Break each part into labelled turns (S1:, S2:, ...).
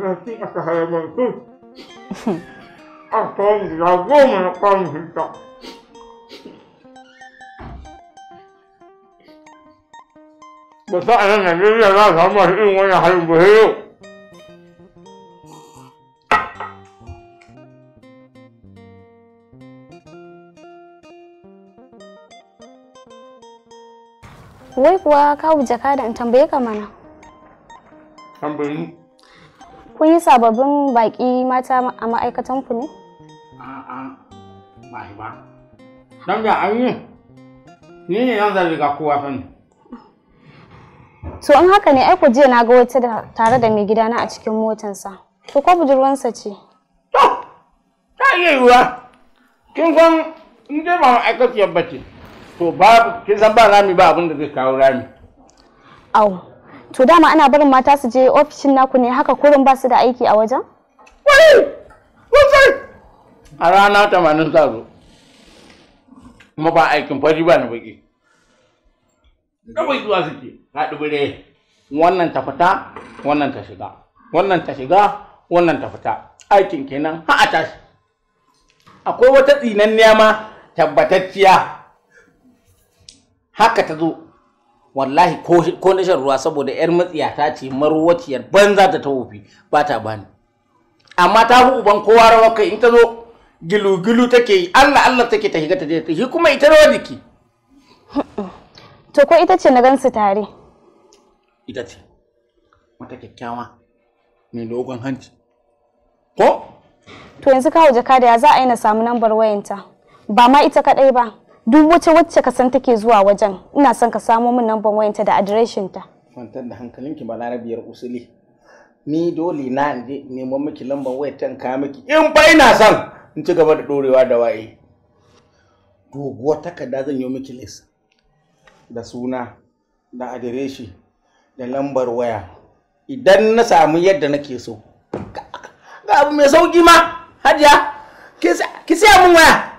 S1: zafi aka harabantu a kawai guda goma na kwamun hinta ba sa a nan najeriya za a samu masu irin wani harin ba yau
S2: wai kuwa kawo jaka da in tambaye ka mana tambayi Kun yi sababbin baƙi mata a ma'aikatanku ne?
S1: A'a, ba shi ba. Don ga an yi, ni ne nan zarri ga kowa sani.
S2: To in haka ne aiko jiya na ga wata tare da mai gidana a cikin motansa. To ko budurwansa ce? To,
S1: ta iya ruwa Kin san in je ma ma'aikaciyar bace. To babu, kin san ba rami ba abin da zai kawo rami.
S2: Au, to dama ana barin mata su je ofishin naku ne haka kurin ba su da aiki a wajen Wani!
S1: Wani! a rana tamanin sa zo kuma ba aikin fari ba na baki bai zuwa suke haɗu bire wannan ta fita wannan ta shiga wannan ta shiga wannan ta fita aikin kenan ha a tashi akwai wata tsinanniya ma tabbatacciya haka ta zo wallahi ko na shan ruwa saboda yar matsiyata ce marwaciyar banza ta ta wofi ba ta bani amma ta fi uban kowa rawa kai in ta zo gilu-gilu take yi allah allah take ta higa ta je ta shi kuma ita rawa jiki
S2: to ko ita ce na gansu tare
S1: ita ce mata kyakkyawa mai dogon hanci
S2: ko to yanzu kawo jaka da ya za a yi na samu nambar wayanta ba ma ita kadai ba duk wace wacce ka san take zuwa wajen ina son ka samo min namban wayanta da adireshin ta
S1: kwantar da hankalinki ba larabiyar usuli ni dole na je neman miki lambar waya tan ka miki in fa ina son in ci gaba da dorewa da waye doguwar takarda zan yi miki lis da suna da adireshi da lambar waya idan na samu yadda nake so ga abu mai sauki ma hajiya ki siya mun waya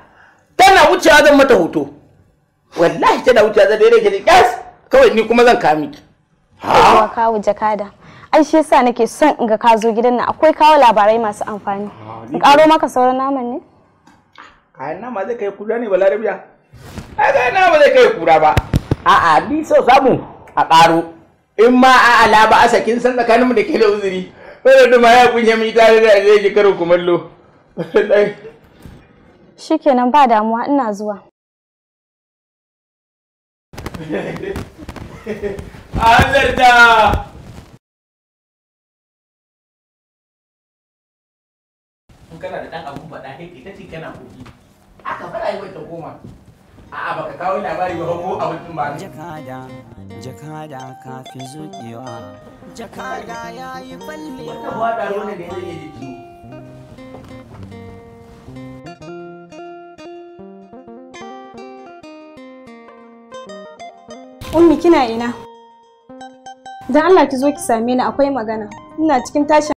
S1: tana wucewa zan mata hoto wallahi tana wucewa zan daidai ke yes kawai ni kuma zan kami
S2: ha kawo jakada ai shi yasa nake son in ga ka zo gidan nan akwai kawo labarai masu amfani in karo maka sauran naman ne
S1: kayan nama zai kai kura ne balarabiya ai kayan nama zai kai kura ba a'a ni so samu a karo in ma a alaba asa kin san tsakaninmu da ke da uzuri da ma ya kunya mi tare da zai ji karo kumallo
S2: Shikenan ba damuwa ina zuwa. Azarta! In kana da ɗan abun faɗa kai ita ce kana koki.
S1: Aka fara yi wata goma.
S2: A'a baka kawo labari ba ko abincin ba. Jakada,
S1: jakada ka fi zuƙewa.
S2: Jakada ya yi falle. Wata waɗa ne da ya zai jiki. Ummi kina ina? Dan Allah ki zo ki same ni akwai magana. Ina cikin tashin